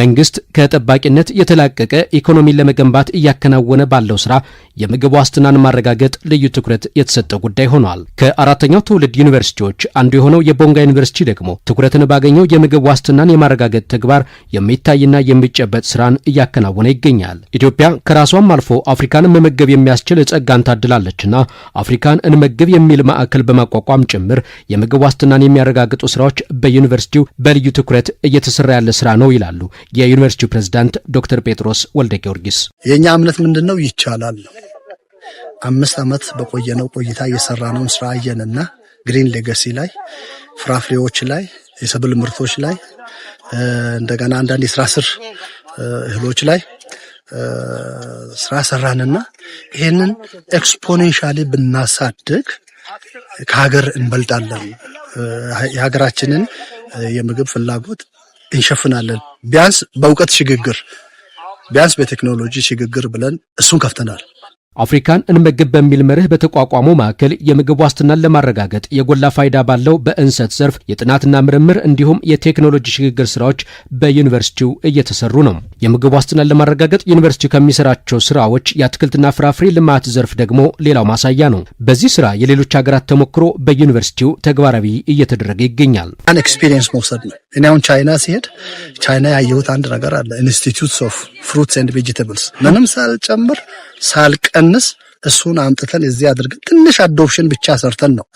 መንግስት ከጠባቂነት የተላቀቀ ኢኮኖሚን ለመገንባት እያከናወነ ባለው ስራ የምግብ ዋስትናን ማረጋገጥ ልዩ ትኩረት የተሰጠው ጉዳይ ሆኗል። ከአራተኛው ትውልድ ዩኒቨርሲቲዎች አንዱ የሆነው የቦንጋ ዩኒቨርሲቲ ደግሞ ትኩረትን ባገኘው የምግብ ዋስትናን የማረጋገጥ ተግባር የሚታይና የሚጨበጥ ስራን እያከናወነ ይገኛል። ኢትዮጵያ ከራሷም አልፎ አፍሪካን መመገብ የሚያስችል ጸጋን ታድላለችና አፍሪካን እንመግብ የሚል ማዕከል በማቋቋም ጭምር የምግብ ዋስትናን የሚያረጋግጡ ስራዎች በዩኒቨርሲቲው በልዩ ትኩረት እየተሰራ ያለ ስራ ነው ይላሉ የዩኒቨርሲቲው ፕሬዝዳንት ዶክተር ጴጥሮስ ወልደ ጊዮርጊስ የእኛ እምነት ምንድን ነው? ይቻላል። አምስት ዓመት በቆየነው ቆይታ የሰራነውን ስራ አየንና ግሪን ሌገሲ ላይ ፍራፍሬዎች ላይ የሰብል ምርቶች ላይ እንደገና አንዳንድ የስራ ስር እህሎች ላይ ስራ ሰራንና ይህንን ኤክስፖኔንሻሊ ብናሳድግ ከሀገር እንበልጣለን። የሀገራችንን የምግብ ፍላጎት እንሸፍናለን። ቢያንስ በእውቀት ሽግግር፣ ቢያንስ በቴክኖሎጂ ሽግግር ብለን እሱን ከፍተናል። አፍሪካን እንመግብ በሚል መርህ በተቋቋመው ማዕከል የምግብ ዋስትናን ለማረጋገጥ የጎላ ፋይዳ ባለው በእንሰት ዘርፍ የጥናትና ምርምር እንዲሁም የቴክኖሎጂ ሽግግር ስራዎች በዩኒቨርሲቲው እየተሰሩ ነው። የምግብ ዋስትናን ለማረጋገጥ ዩኒቨርሲቲው ከሚሰራቸው ስራዎች የአትክልትና ፍራፍሬ ልማት ዘርፍ ደግሞ ሌላው ማሳያ ነው። በዚህ ስራ የሌሎች ሀገራት ተሞክሮ በዩኒቨርሲቲው ተግባራዊ እየተደረገ ይገኛል። አን ኤክስፒሪየንስ መውሰድ ነው። እኔ አሁን ቻይና ሲሄድ ቻይና ያየሁት አንድ ነገር አለ ኢንስቲትዩትስ ኦፍ ፍሩትስ ኤንድ ቬጅተብልስ ምንም ሳልጨምር ሳልቀንስ እሱን አምጥተን እዚህ አድርገን ትንሽ አዶፕሽን ብቻ ሰርተን ነው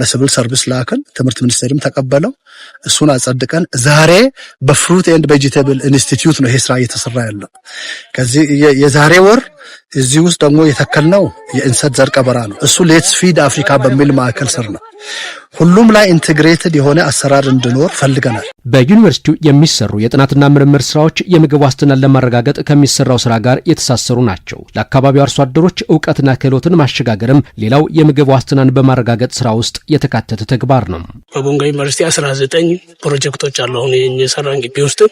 ለሲቪል ሰርቪስ ላክን። ትምህርት ሚኒስቴርም ተቀበለው። እሱን አጸድቀን ዛሬ በፍሩት ኤንድ ቬጂቴብል ኢንስቲትዩት ነው ይሄ ስራ እየተሰራ ያለው። ከዚህ የዛሬ ወር እዚህ ውስጥ ደግሞ የተከልነው የእንሰት ዘር ቀበራ ነው። እሱ ሌትስ ፊድ አፍሪካ በሚል ማዕከል ስር ነው። ሁሉም ላይ ኢንትግሬትድ የሆነ አሰራር እንዲኖር ፈልገናል። በዩኒቨርሲቲው የሚሰሩ የጥናትና ምርምር ስራዎች የምግብ ዋስትናን ለማረጋገጥ ከሚሰራው ስራ ጋር የተሳሰሩ ናቸው። ለአካባቢው አርሶ አደሮች እውቀትና ክህሎትን ማሸጋገርም ሌላው የምግብ ዋስትናን በማረጋገጥ ስራ ውስጥ የተካተተ ተግባር ነው። በቦንጋ ዩኒቨርሲቲ 19 ፕሮጀክቶች አሉ። አሁን የሰራን ግቢ ውስጥ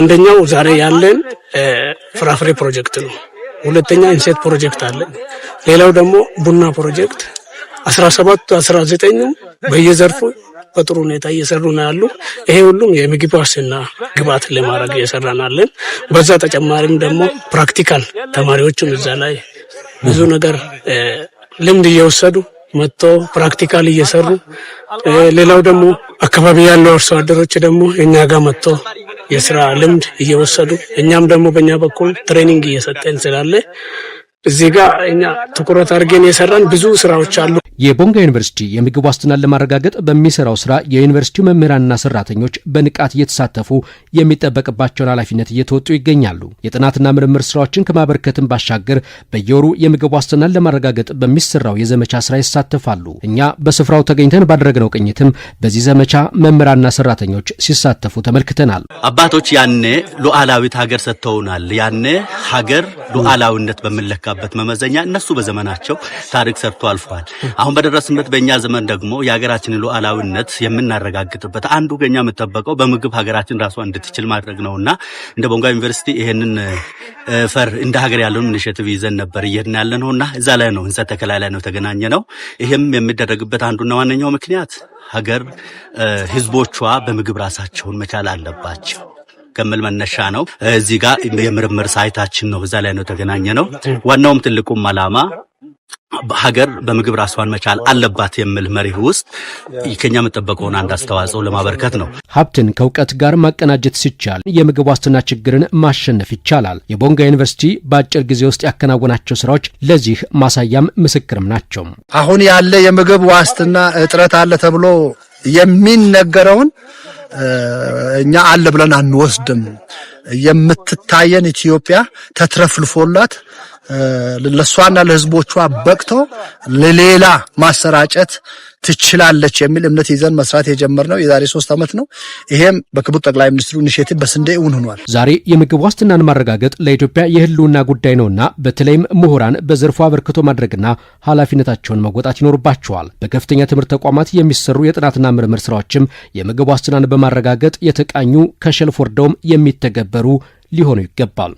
አንደኛው ዛሬ ያለን ፍራፍሬ ፕሮጀክት ነው። ሁለተኛ ኢንሴት ፕሮጀክት አለ። ሌላው ደግሞ ቡና ፕሮጀክት 17 19 በየዘርፉ በጥሩ ሁኔታ እየሰሩ ነው ያሉ። ይሄ ሁሉም የምግብ ዋስትና ግብአት ለማድረግ እየሰራናለን። በዛ ተጨማሪም ደግሞ ፕራክቲካል ተማሪዎቹም እዛ ላይ ብዙ ነገር ልምድ እየወሰዱ መጥቶ ፕራክቲካል እየሰሩ ሌላው ደግሞ አካባቢ ያለው አርሶ አደሮች ደግሞ እኛ ጋር መጥቶ የስራ ልምድ እየወሰዱ እኛም ደግሞ በእኛ በኩል ትሬኒንግ እየሰጠን ስላለ እዚህ ጋር እኛ ትኩረት አድርገን የሰራን ብዙ ስራዎች አሉ። የቦንጋ ዩኒቨርሲቲ የምግብ ዋስትናን ለማረጋገጥ በሚሰራው ስራ የዩኒቨርሲቲው መምህራንና ሰራተኞች በንቃት እየተሳተፉ የሚጠበቅባቸውን ኃላፊነት እየተወጡ ይገኛሉ። የጥናትና ምርምር ስራዎችን ከማበርከትም ባሻገር በየወሩ የምግብ ዋስትናን ለማረጋገጥ በሚሰራው የዘመቻ ስራ ይሳተፋሉ። እኛ በስፍራው ተገኝተን ባደረግነው ቅኝትም በዚህ ዘመቻ መምህራንና ሰራተኞች ሲሳተፉ ተመልክተናል። አባቶች ያኔ ሉዓላዊት ሀገር ሰጥተውናል። ያኔ ሀገር ሉዓላዊነት በምንለካበት መመዘኛ እነሱ በዘመናቸው ታሪክ ሰርቶ አልፏል። አሁን በደረስንበት በእኛ ዘመን ደግሞ የሀገራችን ሉዓላዊነት የምናረጋግጥበት አንዱ ገኛ የምጠበቀው በምግብ ሀገራችን ራሷ እንድትችል ማድረግ ነው እና እንደ ቦንጋ ዩኒቨርሲቲ ይህንን ፈር እንደ ሀገር ያለውን ኢኒሼቲቭ ይዘን ነበር እየሄድን ያለ ነው እና እዛ ላይ ነው እንሰት ተከላ ላይ ነው ተገናኘ ነው። ይህም የሚደረግበት አንዱና ዋነኛው ምክንያት ሀገር ህዝቦቿ በምግብ ራሳቸውን መቻል አለባቸው ከምል መነሻ ነው። እዚህ ጋር የምርምር ሳይታችን ነው። እዛ ላይ ነው ተገናኘ ነው። ዋናውም ትልቁም አላማ ሀገር በምግብ ራሷን መቻል አለባት የሚል መሪህ ውስጥ ከኛ የምጠበቀውን አንድ አስተዋጽኦ ለማበርከት ነው። ሀብትን ከእውቀት ጋር ማቀናጀት ሲቻል የምግብ ዋስትና ችግርን ማሸነፍ ይቻላል። የቦንጋ ዩኒቨርሲቲ በአጭር ጊዜ ውስጥ ያከናወናቸው ስራዎች ለዚህ ማሳያም ምስክርም ናቸው። አሁን ያለ የምግብ ዋስትና እጥረት አለ ተብሎ የሚነገረውን እኛ አለ ብለን አንወስድም። የምትታየን ኢትዮጵያ ተትረፍልፎላት ለእሷና ለህዝቦቿ በቅቶ ለሌላ ማሰራጨት ትችላለች የሚል እምነት ይዘን መስራት የጀመርነው የዛሬ ሶስት ዓመት ነው። ይሄም በክቡር ጠቅላይ ሚኒስትሩ ኢኒሼቲቭ በስንዴ እውን ሆኗል። ዛሬ የምግብ ዋስትናን ማረጋገጥ ለኢትዮጵያ የህልውና ጉዳይ ነውና በተለይም ምሁራን በዘርፉ አበርክቶ ማድረግና ኃላፊነታቸውን መወጣት ይኖርባቸዋል። በከፍተኛ ትምህርት ተቋማት የሚሰሩ የጥናትና ምርምር ስራዎችም የምግብ ዋስትናን በማረጋገጥ የተቃኙ ከሸልፍ ወርደውም የሚተገበሩ ሊሆኑ ይገባል።